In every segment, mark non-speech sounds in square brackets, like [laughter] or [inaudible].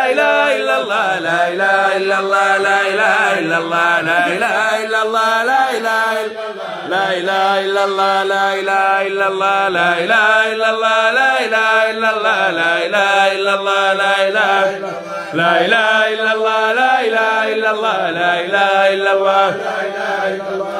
La ilaha illallah, la ilaha illallah, la ilaha illallah, la ilaha illallah, la ilaha illallah, la ilaha illallah, la ilaha illallah, la ilaha illallah, la ilaha illallah, la ilaha illallah, la ilaha illallah. لا la إلا الله la إله إلا la لا إله la الله لا la إلا الله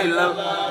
love.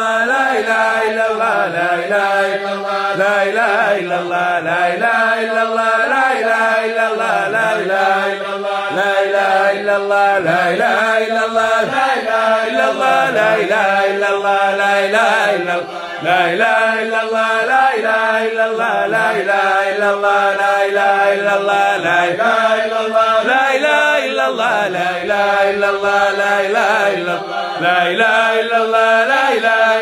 الله لا اله الا الله لا اله الا الله لا اله الا الله لا اله الا الله لا اله الا الله لا اله الا الله لا اله الا الله لا اله الا الله لا اله الا الله لا اله الا الله لا اله الا الله لا إله إلا الله لا إله إلا الله لا إله إلا الله لا إله إلا الله لا إله إلا الله لا إله إلا الله لا إله إلا الله لا إله إلا الله لا إله إلا الله لا إله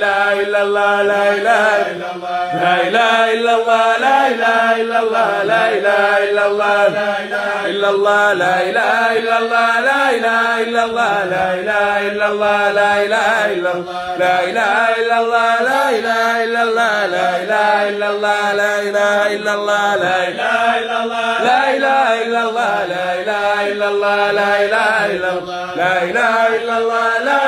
لا الا الله لا اله الا الله لا اله الا الله لا اله الا الله لا اله الا الله لا اله الا الله لا اله الا الله لا اله الا الله لا اله الا الله لا اله الا الله لا اله الا الله لا اله الا الله لا اله الا الله لا اله الا الله لا اله الا الله لا اله الا الله لا اله الا الله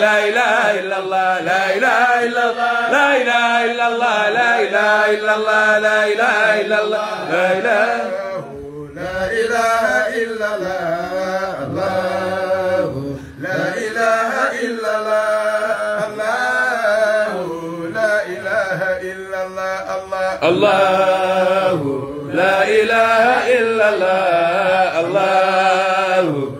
لا إله إلا الله لا إله إلا الله لا إله إلا الله لا إله إلا الله لا إله إلا الله لا إله لا إله إلا الله لا إله إلا الله لا إله إلا الله الله الله لا إله إلا الله الله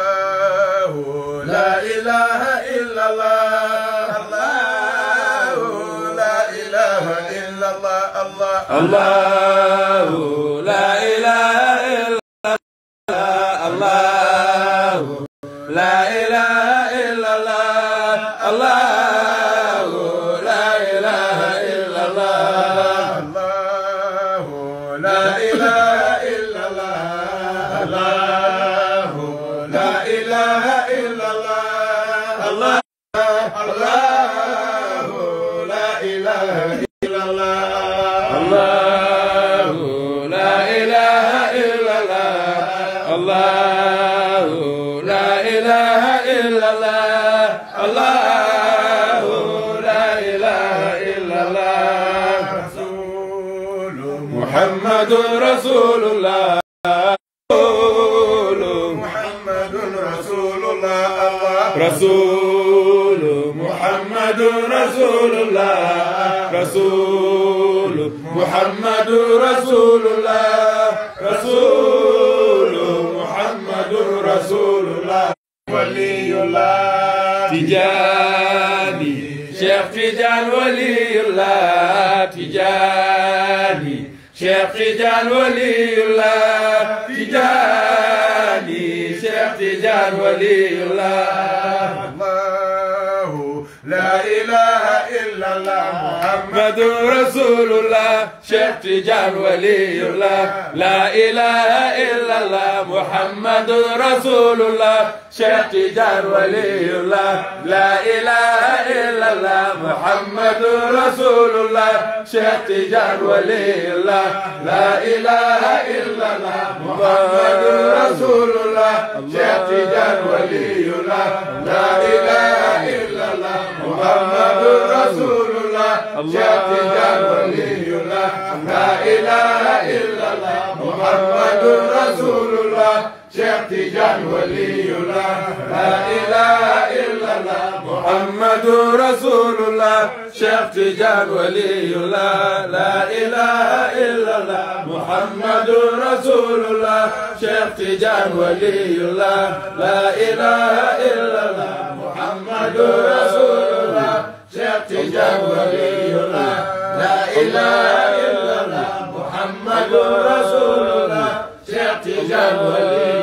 Allahu رسول الله محمد رسول الله رسول محمد رسول الله رسول محمد رسول الله رسول محمد رسول الله ولي الله تجاني شيخ تجان ولي الله تجاني Cheikh Tidiane Waliyullah Tidiane Cheikh Tidiane Waliyullah la ilaha الله محمد رسول الله شيخ تجان ولي الله لا إله إلا الله محمد رسول الله شيخ تجان ولي الله لا إله إلا الله محمد رسول الله شيخ تجان ولي الله لا إله إلا الله محمد رسول الله شيخ تجان ولي الله لا إله إلا الله محمد رسول الله شاتجان ولي الله لا إله إلا الله محمد رسول الله شاتجان ولي الله لا إله إلا الله محمد رسول الله شيخ تجان ولي الله لا إله إلا الله محمد رسول الله شيخ تجان ولي الله لا إله إلا الله محمد رسول الله شيخ تجاب ولينا لا إله إلا الله محمد رسول الله شيخ تجاب ولينا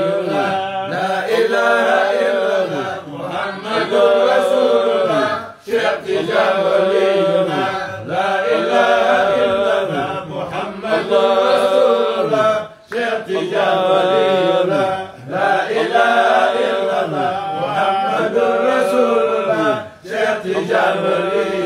Jamali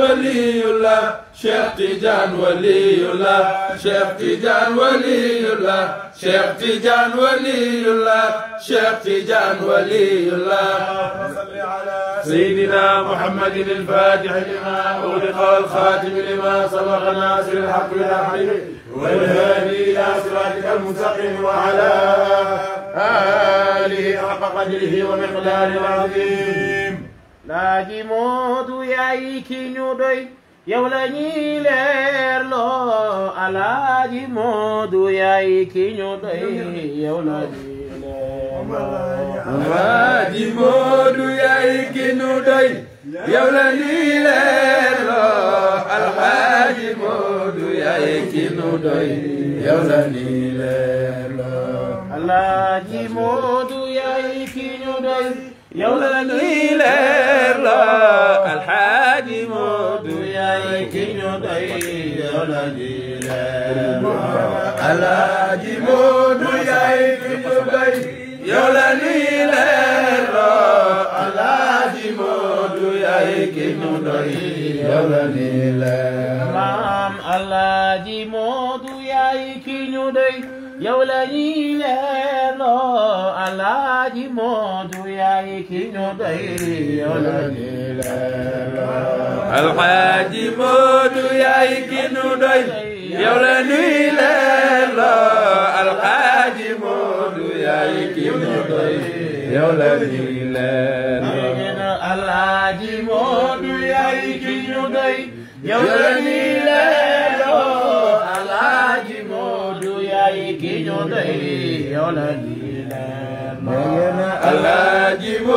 ولي الله شيخ تيجان ولي الله شيخ تيجان ولي الله شيخ تيجان ولي الله شيخ تيجان ولي الله سيدنا محمد الفاتح لما أغلق الخاتم لما سبق ناصر الحق بالحق والهادي إلى صراطك المستقيم وعلى آله حق قدره ومقدار العظيم laaji moodu yaay ki la ñuy leerloo alaaji moodu yaay moodu yaay la ñuy leerloo alaaji alxaaji Moodu yaay ki ñu doy yoona ñu doy yoona ji ñu doy yoona ji ñu doy yow la ñuy leerloo alaaji moodu yaay ki ñu doy yow la ñuy leerloo alaaji moodu yaay ki ñu doy yow la ñuy leerloo alaaji moodu yaay ki ki ñu doy يضيع لنا ما اللاجب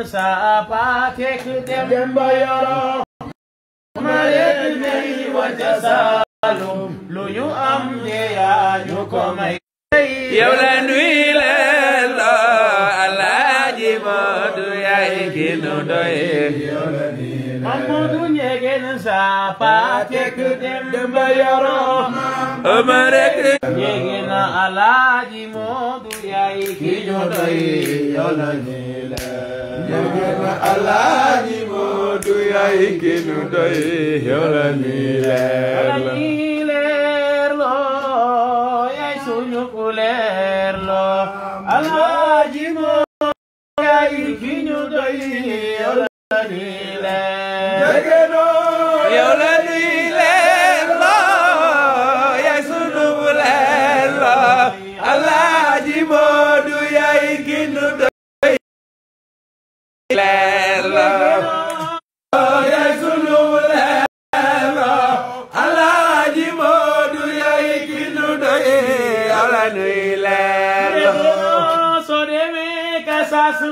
Sapa take them by your own. My enemy was just doye Mamadou nyegen sa pa tek dem bayoro Amare nyegen alaji modu yai ki doye yola nile Nyegen alaji modu yai ki doye yola nile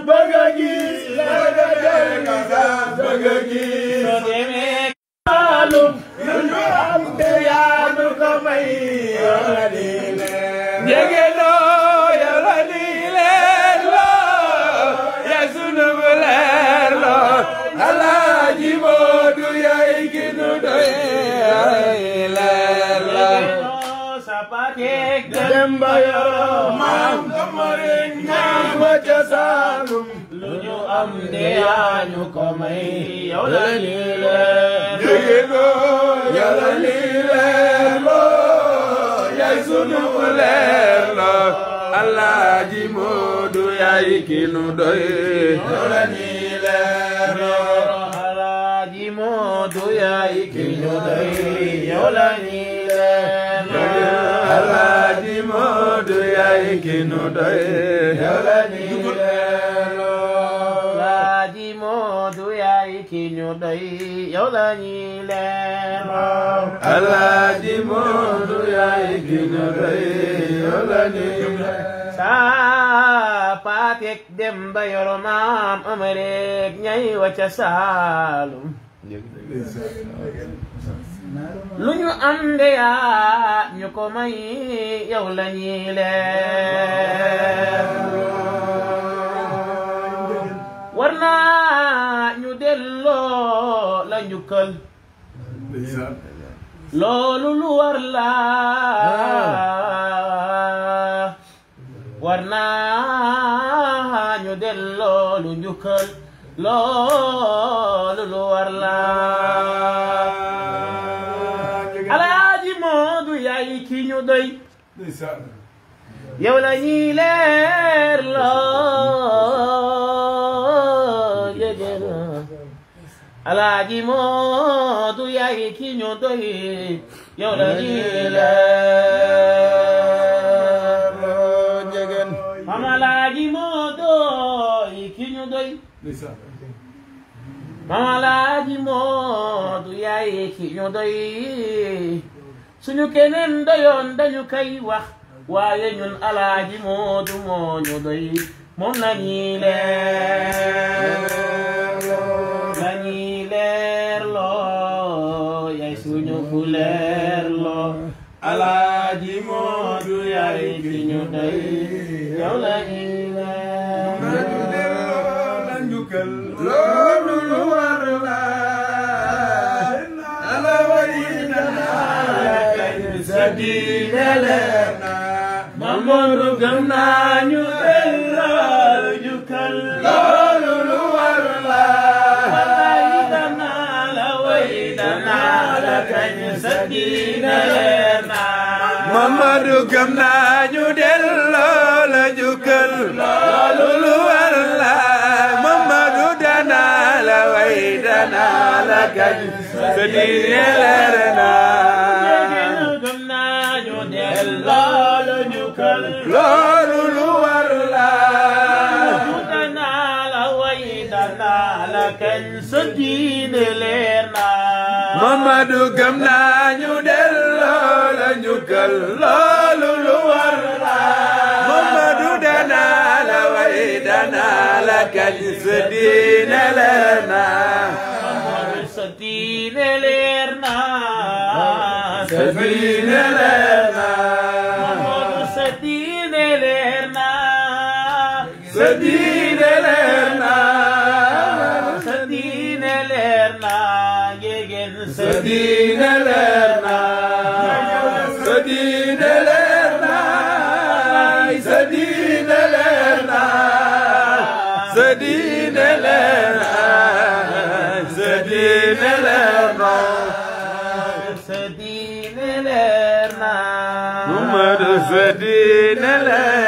Burger! Dem ba yo maam Gamare ñaam ba ca Saalum xamdi yaa ñu ko may yow la lii leen jigéenu yow la lii leen loo yaay sunu leer la alaaji Moodu yaay ki nu doy yow la lii leen loo alaaji Moodu yaay ki nu doy yow la lii leen loo alaaji Moodu yaay ki nu doy yow la lii leen ñu doy yow la ñuy leeroo. alaaji Moodu yaay ki ñu doy yow la ñuy leeroo. saa paateek dem ba yoro maam amareek ñay wacca saalum. lu ñu am de yaa ñu ko may yow la ñuy war naa ñu delloo la njukkal loolu lu war la war moodu yaay ki ñu doy yow la ñuy leer loo alaaji Moodu yaay ki ñu doy yow la ñuy alaaji Moodu yaay ki ñu doy am alaaji Moodu yaay ki wax waaye ñun alaaji Moodu moo ñu doy moom la góoru gëm naa ñu delloo jukkal loolu lu war la xalaay danaa la way danaa la kañ sa diine leer naa Mamadu gëm naa ñu delloo loolu lu war la dana la way dana la kañ sa diine leer na Mamadu gëm naa ñu delloo la ñu gël loolu lu war la Mamadu dana la way dana la kañ sa diine leer na diine leer naa sa diine leer naa ngegen sa diine leer naa sa diine leer naa sa diine leer naa sa diine leer naa sa diine leer naa sa diine leer naa sa diine leer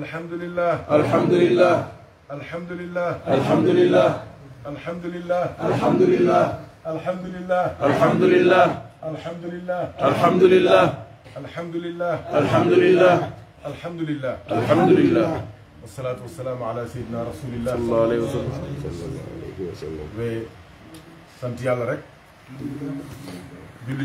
الحمد لله الحمد لله الحمد لله الحمد لله الحمد لله الحمد لله الحمد لله الحمد لله الحمد لله الحمد لله الحمد لله الحمد لله الحمد لله الحمد لله والصلاة والسلام على سيدنا رسول الله صلى الله عليه وسلم وسلم sant yàlla rek julli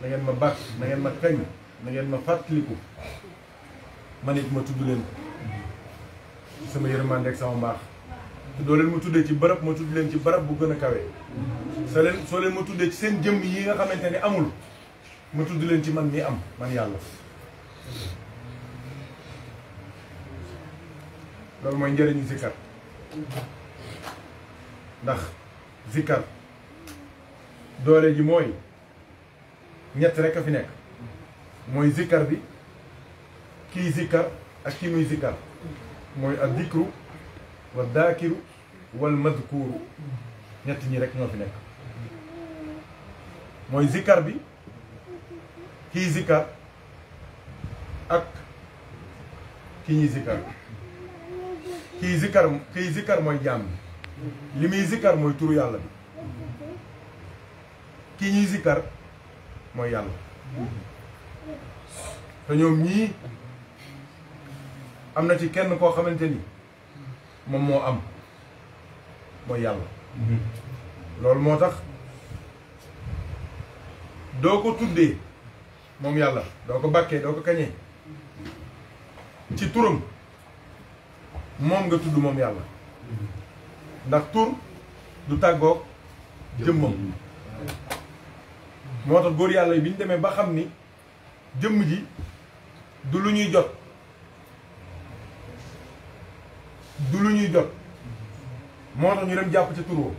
na ngeen ma bàkk na ma kañ na ngeen ma fàttaliku man it ma tudd leen ci sama yërmande ak sama mbaax te doo leen ma tuddee ci barab ma tudd leen ci barab bu gën a kawe soo leen ma tuddee ci seen jëmm yi nga xamante ni amul ma tudd leen ci man mi am man yàlla loolu mooy njëriñu zikkar ndax zikkar doole ji mooy ñett rek a fi nekk mooy zikkar bi kii zikkar ak kii muy zikkar mooy ak dikru wa daakiru wal madkuuru ñett ñi rek ñoo fi nekk mooy zikkar bi kii zikkar ak ki ñuy zikkar kii zikkar kii zikkar mooy jaam li muy zikkar mooy turu yàlla bi ki ñuy zikkar mooy yàlla te ñoom ñii am na ci kenn koo xamante ni moom moo am mooy yàlla loolu moo tax doo ko tuddee moom yàlla doo ko bàkkee doo ko kañee ci turam moom nga tudd moom yàlla ndax tur du tàggoog jëmmam moo tax góor yàlla yi bi ñu demee ba xam ni jëmm ji du lu ñuy jot du lu ñuy jot moo tax ñu dem jàpp ca tur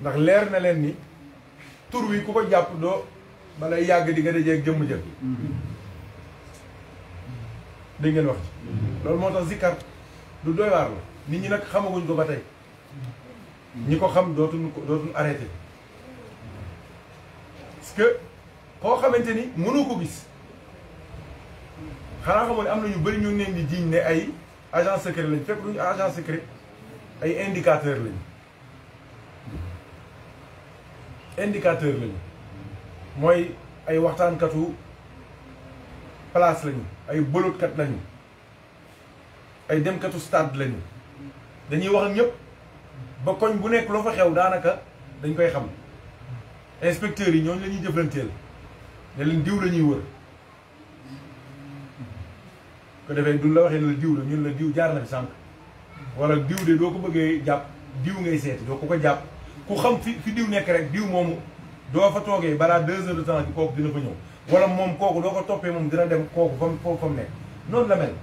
ndax leer na leen ni tur wi ku ko jàpp doo balay yàgg di nga dajeeg jëmm jël dégg ngeen wax ci loolu moo tax zikkar du doy la nit ñi nag xamaguñ ko ba tey ñi ko xam dootuñ ko dootuñ arrêté parce que koo xamante ni mënoo ko gis xanaa xamoon ne am na ñu bari ñu ne di jiiñ ne ay agent secret lañ fekk ñu agent secret ay indicateur lañu indicateur lañu mooy ay waxtaankatu place lañu ay bolotkat lañu ay demkatu stade lañu dañuy wax ak ñëpp ba koñ bu nekk loo fa xew daanaka dañ koy xam inspecteurs yi ñooñu lañuy ñuy jëflanteel ne leen diw la ñuy wër ko defee du la waxee ne la diw la ñun la diw jaar na fi sànq wala diw de doo ko bëggee jàpp diw ngay seeti doo ko ko jàpp ku xam fi fi diw nekk rek diw moomu doo fa toogee balaa deux heures de temps bi kooku dina fa ñëw wala moom kooku doo ko toppee moom dina dem kooku fa mu fa nekk noonu la mel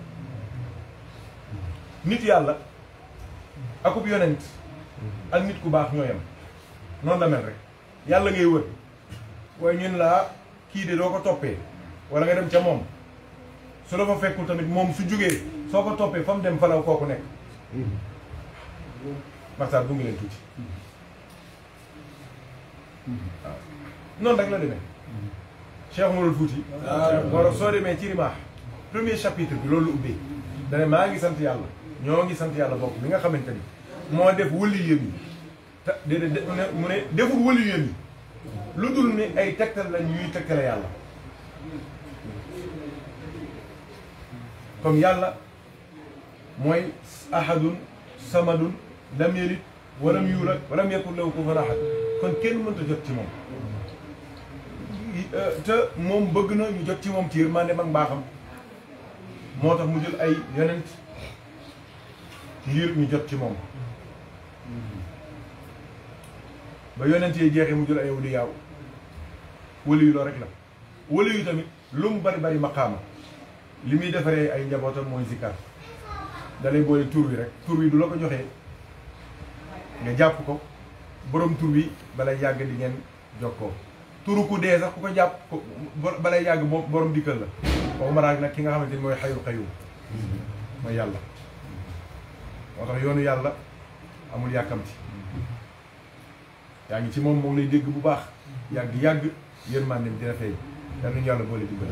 nit yàlla akub yonent ak nit ku baax ñooyam noonu la mel rek yàlla ngay wot waaye ñun laa kii de doo ko toppee wala nga dem ca moom su fa fekkul tamit moom su jugee soo ko toppee fa mu dem fala falaw kooku nekk Maxtaar bu ngi leen tuuti waaw noonu rek la demee Cheikh Umarul Fuuti war soo demee ci rimaax premier chapitre bi loolu ubbi dane maa ngi sant yàlla ñoo ngi sant yàlla bokk mi nga xamante ni moo def wëli yëpp yi déedéet mu ne deful wëli yéen lu dul ni ay tegtal lañ yuy tegtale yàlla comme yàlla mooy ahadun samadun lam yalid walam yuulad walam yakun lahu kufuwan ahad kon kenn mënta jot ci moom te moom bëgg na ñu jot ci moom ci yërmande mag mbaaxam moo tax mu jël ay yonent ngir ñu jot ci moom ba yonent yi jeexee mu jël ay awliyaaw wëli yu loolu rek la wëli yu tamit lu mu bari bari maqaama li muy defaree ay njabootam mooy zikkar da lay boole tur wi rek tur wi du la ko joxee nga jàpp ko borom tur wi balay yàgg di ngeen jokkoo tur ku dee sax ku ko jàpp balay yàgg borom dikkal la kooku maraag nag ki nga xam xamante ni mooy xayul xayum mooy yàlla moo tax yoonu yàlla amul yàkkamti yaa ngi ci moom moom lay dégg bu baax yàgg-yàgg yërmandeem dina feeñ yal nañu yàlla boole dimbali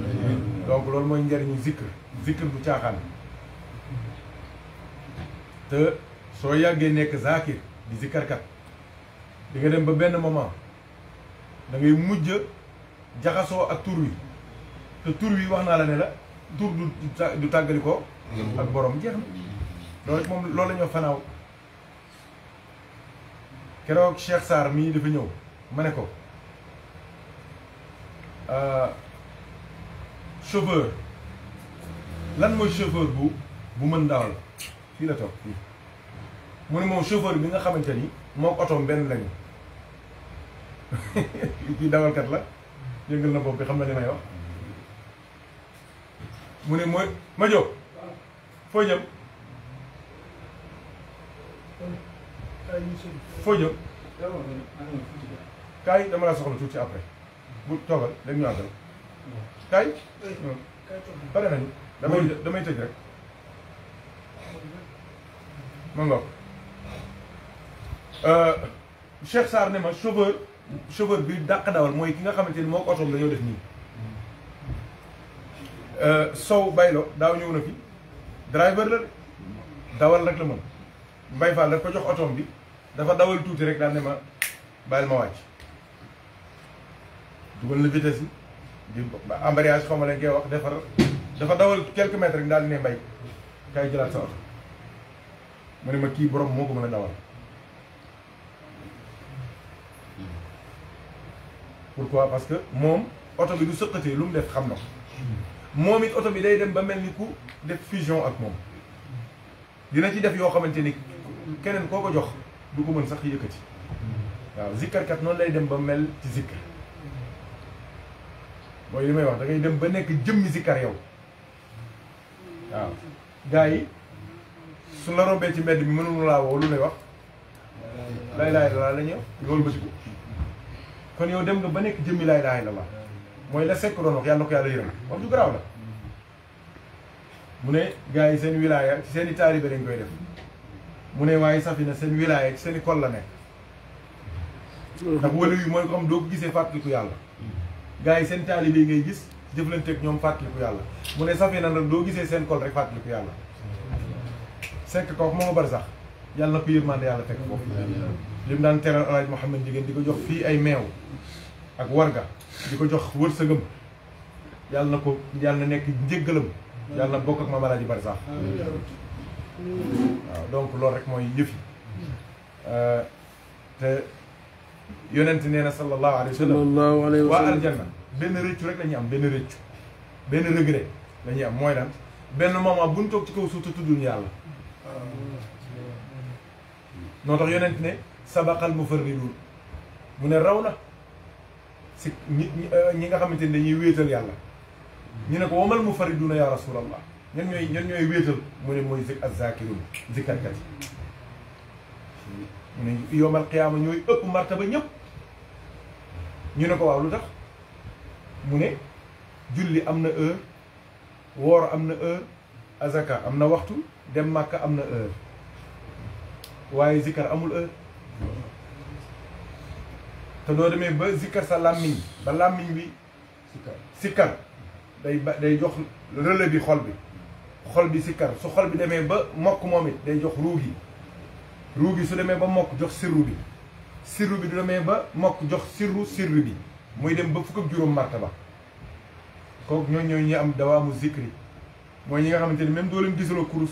donc loolu mooy njariñu zikr zikr bu caaxaan te soo yàggee nekk zaakir di zikkarkat di dem ba benn moment da ngay mujj jaxasoo ak tur wi te tur wi wax naa la ne la tur du du tàggali ko ak borom jeex na loolu moom loolu la fanaaw keroog Cheikh Sarr mii dafa ñëw ma ne ko euh, chauffeur lan mooy chauffeur bu bu mën dawal fii la toog fii mu ne moom chauffeur bi nga xamante ni moo otoom benn lañu [laughs] kii dawalkat la yëngal na bopp bi xam na li mu ne mooy ma jóg foo jëm. foo jëm kaay dama laa soxla tuuti après bu toogal dañ ñu àggal kaay pare nañu damay damay tëj rek ma nga euh, Cheikh Sarr ne ma chauffeur chauffeur bi dàq dawal mooy ki nga xamante ni moo ko otoom dañoo def euh, Sow baylo daaw ñëw na fi driver la dawal la Fall ko jox bi dafa dawal tuuti rek daal ne ma bàyyil ma wàcc dugal na vitesse yi di ba embrayage xaw ma leen koy wax defar dafa dawal quelques mètres rek daal di ne mbay kay jëlaat sa oto mu ne ma kii borom moo ko mën a dawal pourquoi parce que moom oto bi du sëqatee lu mu def xam na ko moom it oto bi day dem ba mel ni ku def fusion ak moom dina ci def yoo xamante ni keneen koo ko jox du ko mën sax yëkkati waaw zikkarkat noonu lay dem ba mel ci zikkar mooy li may wax dangay ngay dem ba nekk jëmmi zikkar yow waaw gars yi su la rombee ci mbedd bi mënul laa woo lu lay wax lay laay lalaa la ñëw loolu ba ko kon yow dem nga ba nekk jëmmi laay laay lalaa mooy la sekk doon wax yàlla ko yàlla yërëm wax ju garaaw la mu ne gars yi seen wilaaya ci seen i dañ koy def mu ne waaye na sen wilaya ci sen école la nek da wëlu yu moy comme doo ko gisee fàttaliku yàlla gars yi seen taalibe ngay gis jëflanteeg ñoom fàttaliku yàlla mu ne safina nag do guissé sen école rek fàttaliku ko yalla kooku ko mo bar sax yalla na ko yërmande yalla tek ko lim dan téra alaj mohammed Ndieguène diko jox fi ay mew ak warga diko jox wërsëgam yalla nako yalla nek na yalla bok ak maam alaaji bar sax waaw donc loolu rek mooy yëf yi euh, te yonent nee na sallallahu alayhi wa sallam waa aljanna benn rëccu rek la am benn rëccu benn regret la ñuy am mooy lan benn moment bu ñu toog ci kaw suuf te tudduñu yàlla noo tax yonent ne sabaqal mufarridun mu ne raw na si ñi ñi euh, nga xamante ni dañuy wéetal yàlla ñu ne ko wamal mufarriduna ya rasulallah ñan ñooy ñan ñooy wéetal mu ne mooy zik azzakirun zikarkat yi mu ne yowmal qiyaama ñooy ëpp martaba ñëpp ñu ne ko waaw lu tax mu ne julli am na heure woor am na heure azaka am na waxtu dem màkka am na heure waaye zikar amul heure te doo demee ba zikar sa làmmiñ ba làmmiñ bi sikkar day ba day jox relais bi xol bi xol bi sikkar su xol bi demee ba mokk moom it day jox ruugi ruugi su demee ba mokk jox sirru bi sirru bi du demee ba mokk jox sirru sirru bi muy dem ba fukk ak juróom martaba kooku ñooñu ñooñu ñi am dawaamu zikri mooy ñi nga xamante ni même doo leen gisuloo kurus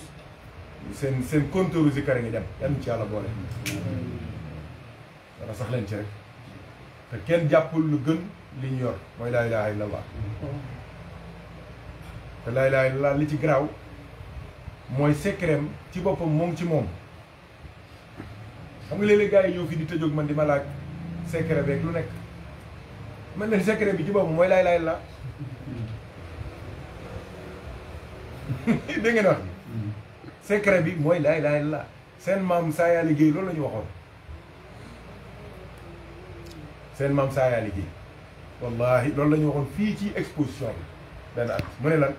seen seen compteuru zikkar ngi dem yan ci yàlla boole dana sax leen ci rek te kenn jàppul lu gën li ñu yor mooy laa ilaha illallah te laa ilaha illallah li ci garaaw mooy secret ci boppam moom ci moom xam nga léeg-léeg gars yi ñëw fii di tëjoog man di ma laaj secret beeg lu nekk man leen secret bi ci boppam mooy laay laay la [laughs] dégg ngeen wax bi mooy laay la seen maam saa yaa liggéey loolu la ñu waxoon seen maam saa yaa liggéey wallaahi loolu la waxoon fii ci exposition bi mu ne lan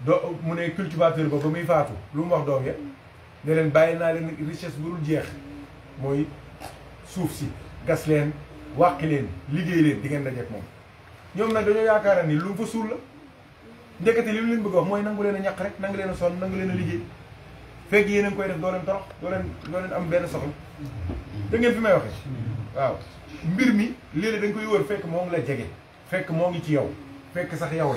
do mu ne cultivateur boobu ba muy faatu lu mu wax doom ya ne leen bàyyi naa leen richesse bu dul jeex mooy suuf si gas leen wàqi leen liggéey leen di ngeen dajeek moom ñoom nag dañoo yaakaar ni lu mu fa suul la njëkkati li mu leen bëgg wax mooy nangu leen a ñaq rek nangu leen a sonn nangu leen a liggéey fekk yéen a koy def doo leen torox doo leen am benn soxla da ngeen fi may waxe waaw mbir mi léeg-léeg dañ koy wër fekk moo ngi la jege fekk moo ngi ci yow fekk sax yow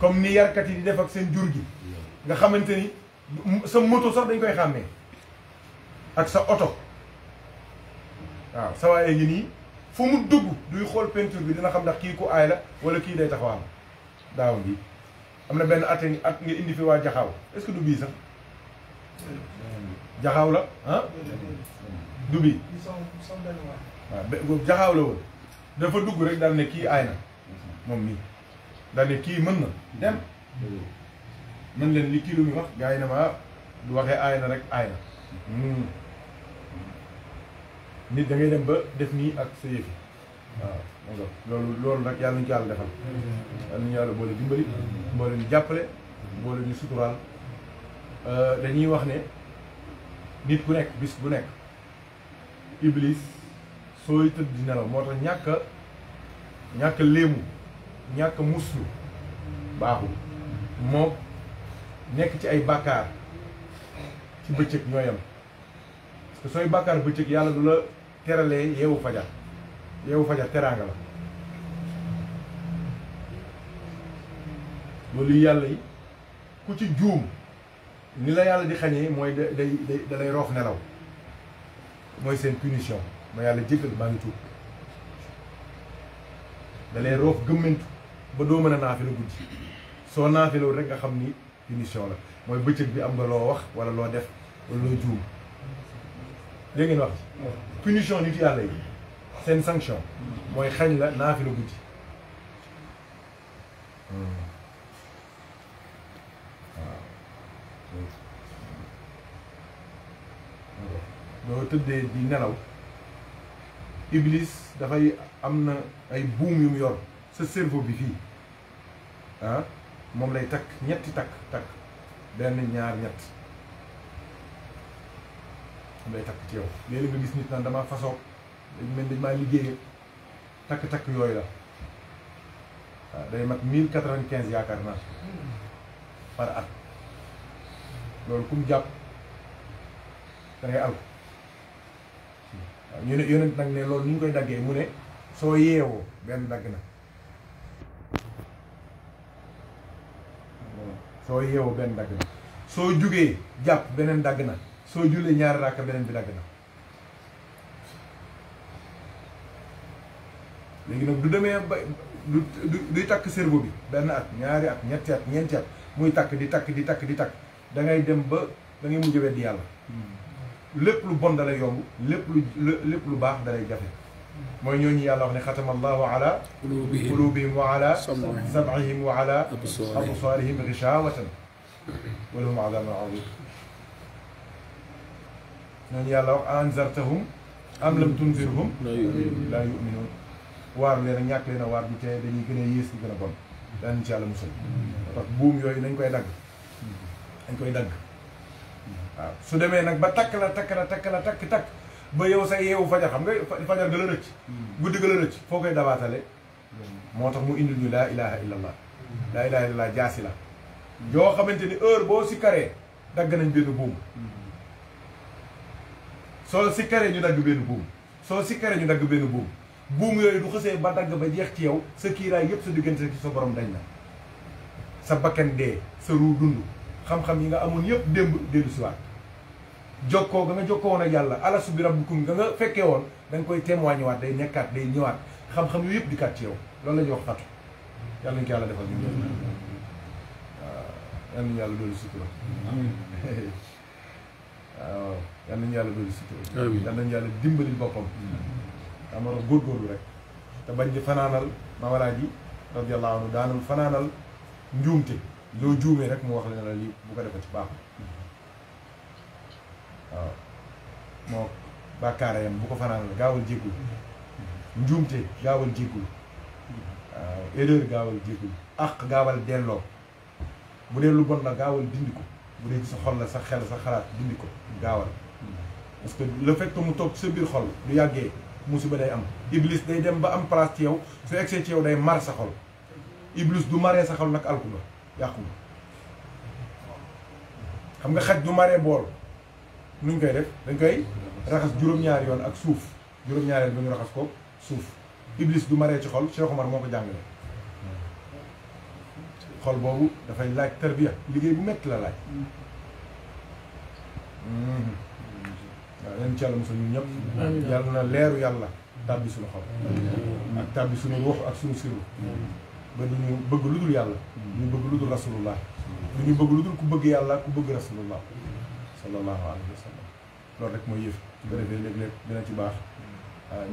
comme ni yarkat yi di def ak seen jur gi nga xamante ni sa moto sax dañ koy xàmmee ak sa oto waaw sa waaye ngi nii fu mu dugg duy xool peinture bi dina xam ndax kii ku aay la wala kii day taxawaan daaw bi am na benn at at nga indi fi waa jaxaw est-ce du bii sax jaxaaw la ah du bii waaw jaxaaw la woon dafa dugg rek daal ne kii aay na moom mii daal kii mën na dem mën leen li kii lu muy wax gars yi ne ma du ah, waxee aay na rek aay na hmm. nit da dem ba def nii ak sa yëf waaw loolu loolu nag yàlla nañu ko yàlla defal yàlla nañu yàlla boole dimbali boole ñu jàppale boole ñu suturaal euh, dañuy wax ne nit ku nekk bis bu nekk iblis sooy tëdd di nelaw moo tax ñàkk ñàkk léemu ñàkk muslu baaxul moom nekk ci ay bàkkaar ci bëccëg ñooyam parce que sooy bàkkaar bëccëg yàlla du la teralee yeewu fajar yeewu fajar teraanga la loolu yàlla yi ku ci juum ni la yàlla di xañee mooy da day da lay roof nelaw mooy seen punition ma yàlla jëkkal maa ngi tuub roof gëmmentu ba doo mën a naafila guddi soo naafilawul rek nga xam ni finition la mooy bëccëg bi am nga loo wax wala loo def wala loo juum dégg ngeen wax xañ la naafila guddi hmm. waaw doo tëddee di nelaw iblis dafay am na ay buum yu mu yor sa cerveau bi fii Ah, moom lay takk ñetti takk takk benn ñaar ñett moom lay takk ci yow léeg-léeg nga gis nit naan damaa fasoo dañ mel dañ maa liggéey takk-takk yooyu la waaw ah, day mat mille quatre-vingt-quinze yaakaar naa par at loolu kum jàpp da ngay alko waaw ñu ne yonent nag ne loolu ni ñu koy daggee mu ne soo yeewoo benn dagg na so yeewoo ben dagg na soo jugee benen beneen so na soo julee benen raaka beneen bi dagg na léegi nag du demee du tak cerveau bi ben at ñaari at ñetti at ñeenti at muy tak di tak di tak di tak da ngay dem ba da ngay mujj di yalla hmm. lepp lu bon da lay yomb lepp lu lepp lu bax da lay jafe موي نيوني الله ختم الله على قلوبهم, قلوبهم وعلى سمعهم وعلى ابصارهم غشاوة ولهم عذاب عظيم نن يا الله انذرتهم ام لم تنذرهم لا يؤمنون وار لي نياك لينا وار دي تي دني غنا ييس غنا بون دان ان شاء الله مسل باك بوم يوي نانكاي داغ نانكاي داغ سو ديمي نك با تاك لا تاك لا تاك لا تاك تاك ba yow sa yeewu fajar xam nga fajar gën a rëcc hmm. guddi gën a rëcc foo koy dabaatale hmm. moo tax mu indi ñu laa ilaha illallah hmm. laa ilaha illallah jaasi la yoo xamante ni heure boo si karee dagg nañ benn buum soo si karee ñu dagg benn buum soo si karee ñu dagg benn buum buum yooyu du xësee ba dagg ba jeex ci yow sa kiiraay yépp sa diggante ci sa borom dañ na sa bakkan dee sa ruu dund xam-xam yi nga amoon yépp démb dellu siwaat jokkoo ga nga jokkoo woon ak yàlla ala bi rabbukum ga nga fekkee woon da nga koy témoigné waat day nekkaat day ñëwaat xam-xam yu yëpp di kat ci yow loolu la ñuy wax fatu yàlla nañu ko yàlla yàlla doolu sutura waaw yal yàlla doolu sutura yal nañu yàlla dimbali boppam dama doon góorgóorlu rek te bañ di fanaanal mamalaaji radiyallahu anhu daanal fanaanal njuumte loo juumee rek mu wax le na la lii bu ko defee ci waaw moo bàkkaara bu ko fanaan gaawal jéggul njuumte gaawal jéggul waaw erreur gaawal jéggul àq gaawal delloo bu dee lu bon na gaawal dindi ko bu dee sa xol sa xel sa xalaat dindi ko gaawal parce que le fait mu toog sa biir xol lu yàggee musiba day am iblis day dem ba am place ci yow su egsee ci yow day mar sa xol iblis du maree sa xol nag alku nga yàqu nga xam nga xaj du maree bool nu ñu koy def dañ koy raxas juróom-ñaari yoon ak suuf juróom-ñaareel bi ñu raxas ko suuf iblis du maree ci xol Cheikh Omar moo ko jàngale xol boobu dafay laaj tarbiya liggéey bu metti la laaj mm-hmm. waaw leen ci yàlla mosul ñun yàlla na leeru yàlla tàbbi suñu xol ak tàbbi suñu ruux ak suñu siru ba du ñu bëgg lu dul yàlla du bëgg lu dul rasulullah du bëgg lu dul ku bëgg yàlla ku bëgg rasulullah sallallahu alayhi wa sallam loolu rek moy yef bu rebe defee léeg dina ci baax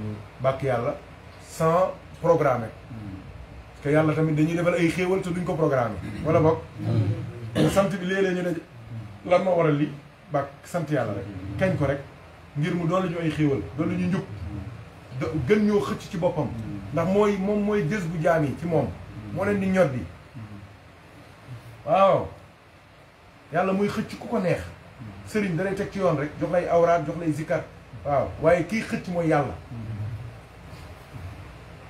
ñu bàkk yalla sans programmer que yalla tamit dañuy defal ay xéewal te duñ ko programmer wala bok sant bi léeg ñu dañ lan moo waral lii bàkk sant yàlla rek kañ ko rek ngir mu doon ñu ay xéewal doon ñu ñuk gën ñoo xëcc ci boppam ndax mooy moom mooy gës bu jaami ci moom moo leen di ñor bi waaw yàlla muy xëcc ku ko neex sëriñ dalay teg ci yoon rek jox lay awraat jox lay zikkar waaw waaye kii xëcc mooy yàlla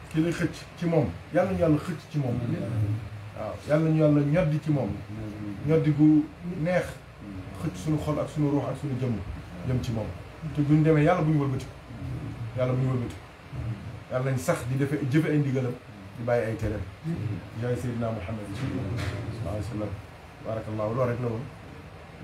ki lay xëcc ci moom yàlla ñu yàlla xëcc ci moom waaw yàlla ñu yàlla ñoddi ci moom ñoddi gu neex xëcc suñu xol ak suñu ruux ak suñu jëmm jëm ci moom te buñ demee yàlla bu ñu wëlbati yàlla bu ñu wëlbati yàlla nañ sax di defe jëfe ay ndigalam di bàyyi ay tereem jaay seydina muhammad sallallahu alayhi wa sallam barakallahu loolu rek la woon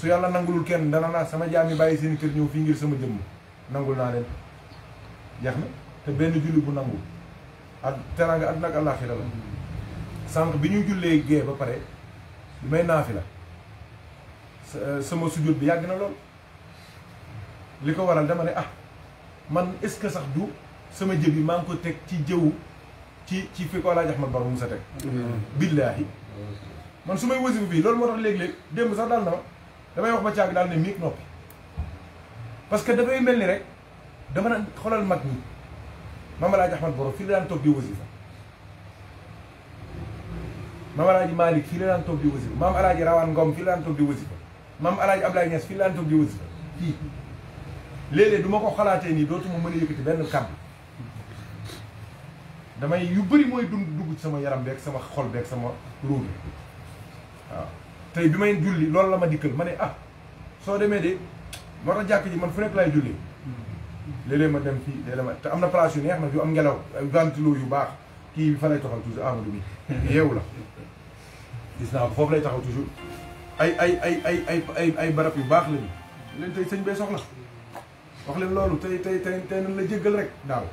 su yàlla nangulul kenn dana naa sama jaam yi bàyyi seen kër ñëw fii ngir sama jëmm nangul naa leen jeex na te benn julli bu nangu ak teraanga àddina ak àllaaxira la sànq bi ñu jullee gee ba pare li may naafi la euh, sama sujjóot bi yàgg na lool li ko waral dama ne ah man est ce que sax du sama jëb yi maa ngi ko teg ci jëwu ci ci fi ko Alaaji Ahmad Baro mu sa teg mm-hmm. billaahi mm-hmm. man su may wasifu bii loolu moo tax léeg-léeg démb sax daal na ma damay wax ba caag daal ne miig noppi parce que dafay mel ni rek dama naan xoolal mag ñi Mame El Hadj Ahmad fii la daan toog di wasifa Mame El Hadj Malick fii la daan toog di wasifa Mame El Hadj Rawane Ngom fii la daan toog di wasifa Mame El Hadj Abdoulaye Niass fii la daan toog di wasifa fii du ma ko xalaatee nii dootuma mën a yëkkati benn kàddu damay yu bëri mooy dugg sama yaram beeg sama xol beeg sama ruur waaw tey bi may julli loolu la ma dikkal ma ne ah soo demee de moo tax jàkk ji man fu nekk laay julli léeg-léeg ma dem fii léeg-léeg ma te am na place yu neex nag yu am ngelaw ventilo yu baax kii fa lay taxaw toujours Amadou yeewu la gis naa foofu lay taxaw toujours ay ay ay ay ay barab yu baax lañu leen tey sëñ bee soxla wax leen loolu tey tey tey tey nan la jéggal rek daaw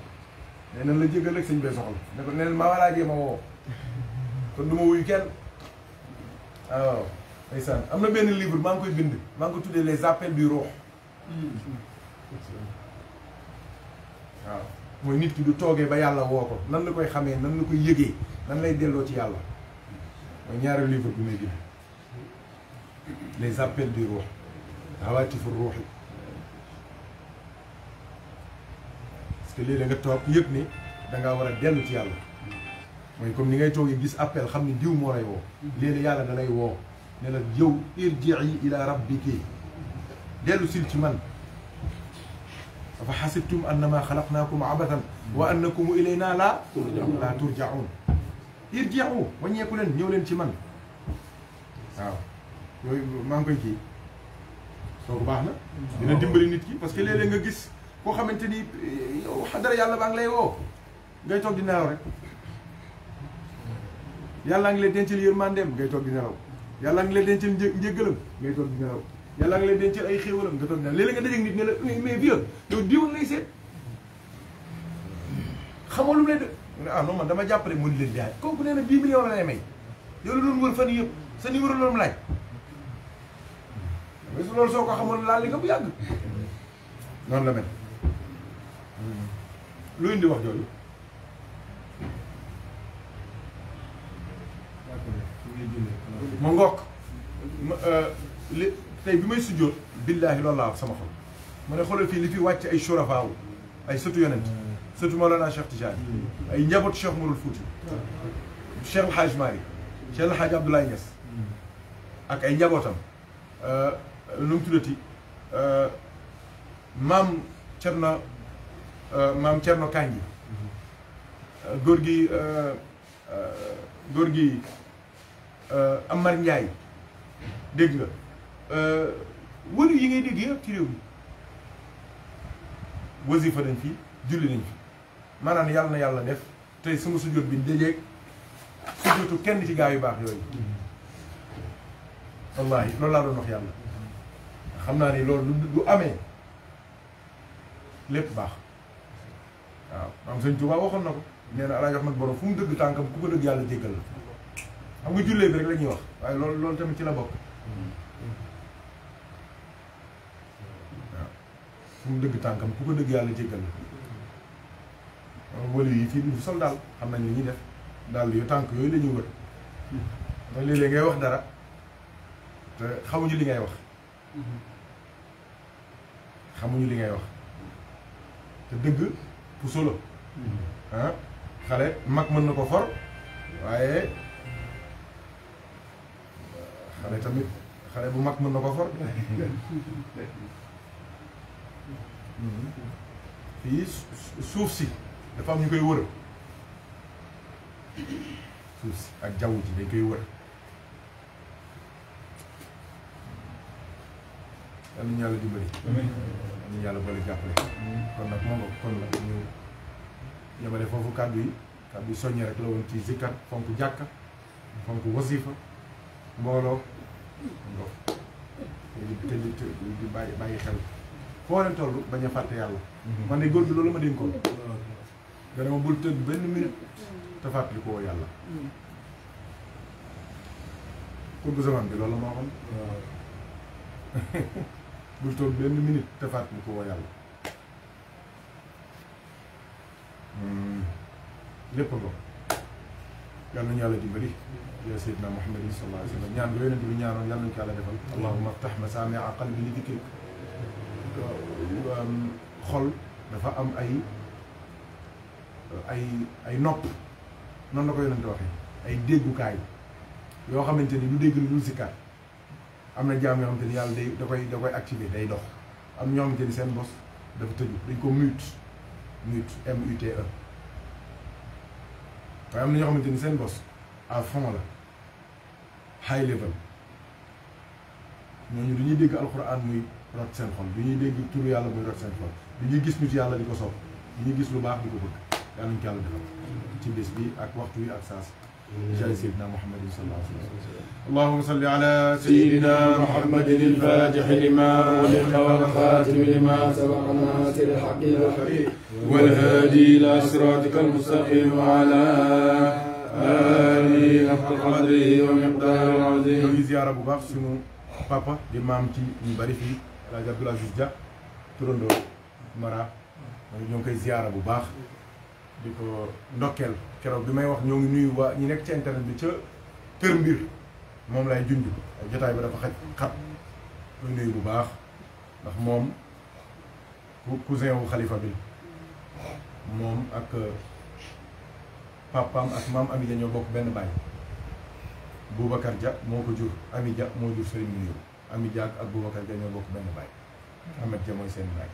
nee nan la jéggal rek sëñ bee soxla ne ko neen maa waraajee ma woo kon du ma kenn ndeysaan am na benn livre maa ngi koy bind maa ngi ko tuddee les appels du roox waaw mooy nit ki du toogee ba yàlla woo ko nan la koy xamee nan la koy yëgee nan lay delloo ci yàlla mooy livre bi may bind les appels parce que léeg nga toog yëpp ni dangaa war a dellu ci yàlla mooy comme ni ngay toogee gis appel xam ne diw moo lay woo léeg-léeg yàlla da lay woo nena yow irji'i ila rabbiki delu sil ci man fa hasibtum annama khalaqnakum abathan wa annakum ilayna la turjaun irji'u waññeeku leen ñew len ci man waaw yoy ma ngoy ci kii soo na dina dimbali nit ki parce que lele nga gis ko xamanteni eh, yow xadara yalla ba ngi lay woo ngay tok di nelaw rek yalla ngi lay dencal yërmandeem ngay tok di nelaw yàlla ngi lay dencal një njëggalam ngay toog di nelaw yàlla ngi dencal ay xéewalam nga toog di nelaw léeg-léeg nga dajeeg nit ne la mais vieux yow diwoon ngay seet xamoo lu mu lay def ne ah non man dama jàpp rek mënu leen di yaay kooku nee la lay fan yëpp sa numéro mu laaj mais su loolu soo ko xamoon laal li nga bu yàgg noonu la mel lu indi wax jooju ma ngoog li tey bi may sujjóot billaahi loolu laa wax sama xol ma ne xoolal fii li fi wàcc ay surafaaw ay sëtu yonent sëtu Mawlana Cheikh Tidiane ay njabootu Cheikh Mourou Fouti Cheikh El Hadj Mari Cheikh El Hadj Abdoulaye Niass ak ay njabootam nu mu tuddati maam Thierno maam Thierno Kanji góor gi góor gi Euh, Amar Ndiaye dégg nga euh, wëlu yi ngay dégg yëpp ci réew bi wasifa nañ fi julli nañ fi maanaam yàlla na yàlla def tey sama sujjóot bi dajeeg sujjóotu kenn ci gaa yu baax yooyu wallaahi loolu laa doon wax yàlla xam naa ni loolu du amee lépp baax waaw maam sëñ Tuubaa waxoon na ko nee na alaaj Ahmad borom fu mu dëgg tànkam ku ko dëgg yàlla jéggal la xam nga jullee bi rek la ñuy wax waaye loolu loolu tamit ci la bokk. waaw fu dëgg tànkam ku ko dëgg yàlla jéggal na wala yi fii du sol daal xam nañ li ñuy def daal yu tànk yooyu la wër mooy léeg-léeg ngay wax dara te xamuñu li ngay wax xamuñu li ngay wax te dëgg pour mm-hmm. ah, xale mag mën na ko for waaye. xale tamit xale bu mag mën na ko for fii suuf si dafa am ñu koy wër suuf si ak jaww ji dañ koy wër yal nañu yàlla dimbali yal nañu yàlla boole jàppale kon nag moom kon nag ñu foofu kàddu yi kàddu yi soññe rek la woon ci zikkar fonk jàkka fonk wasifa mbooloo te di te di bàyyi bàyyi xel foo leen toll bañ a fàtte yàlla. man de góor gi loolu ma dénkoon. dana ma bul tëdd benn minute te fàttali ko yàlla. yàlla. Hmm. lépp nga. yàlla nañu yàlla dimbali yaa sayyidina muhammadin sallallahu alayhi wa sallam ñaan bi yonent bi ñaanoon yàlla nañu ko yàlla defal allahumma aftah li dikrik um, xol dafa am ay ay ay nopp noonu la ko yonent waxee ay déggukaay yoo xamante ni du dégg lu dul sikkaar am na jaam yoo xamante ni yàlla day da koy da koy activé day dox am ñoo xamante ni seen bos dafa tëju dañ ko waaye am na ñoo xamante ni seen bos a fond la high level ñooñu du ñuy dégg alxuraan muy rot seen xol du ñuy dégg turu yàlla muy rot seen xol du ñuy gis nit yàlla di ko sopp du ñuy gis lu baax di ko bëgg yàlla ñu ko yàlla ci bis bi ak waxtu wi ak saas جاء سيدنا محمد صلى الله عليه وسلم اللهم صل على سيدنا محمد الفاتح لما ولق والخاتم لما سبق الناس الحق والحبيب والهادي الى صراطك المستقيم وعلى آله حق قدره ومقداره العظيم ñu ziyaara bu baax sunu papa di maam ci ñu bari fii El Hadj Abdoul Aziz Dia turandoo ngi koy ziyaara bu baax di ko keroog bi may wax ñoo ngi nuyu waa ñi nekk ci internet bi ca kër mbir moom lay junj jotaay bi dafa xaj xat koy nuyu bu baax ndax moom cousin wu xalifa bi moom ak euh, papaam ak maam Amidia ñoo bokk benn baay Boubacar Dia moo ko jur Amidia moo jur Serigne Mouniru Amidia ak Boubacar Dia ñoo bokk benn baay Ahmed Dia mooy seen baay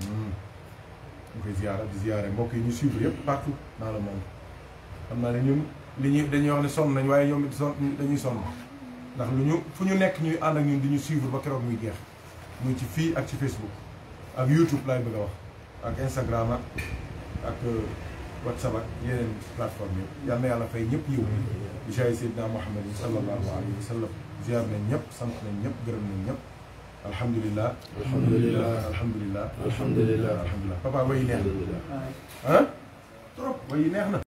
hmm. mu koy ziyaara di ziyaare mbokk yi ñu suivre yëpp partout dans la moom xam naa ne ñun li ñuy dañuy wax ne sonn nañ waaye ñoom it son dañuy sonn ndax lu ñu fu ñu nekk ñuy ànd ak ñun di ñu suivre ba keroog muy jeex muy ci fii ak ci Facebook ak YouTube laay bëgg a wax ak Instagram ak ak euh, WhatsApp ak yeneen plateforme yëpp yal na yàlla fay ñëpp yiw bi jaay Seydina Mouhamed sallallahu alayhi wa sallam ziyaar nañ ñëpp sant nañ ñëpp gërëm nañ ñëpp alhamdulilah. alhamdulilah alhamdulilah alhamdulilah alhamdulilah papa way neex na. ah trop way neex na.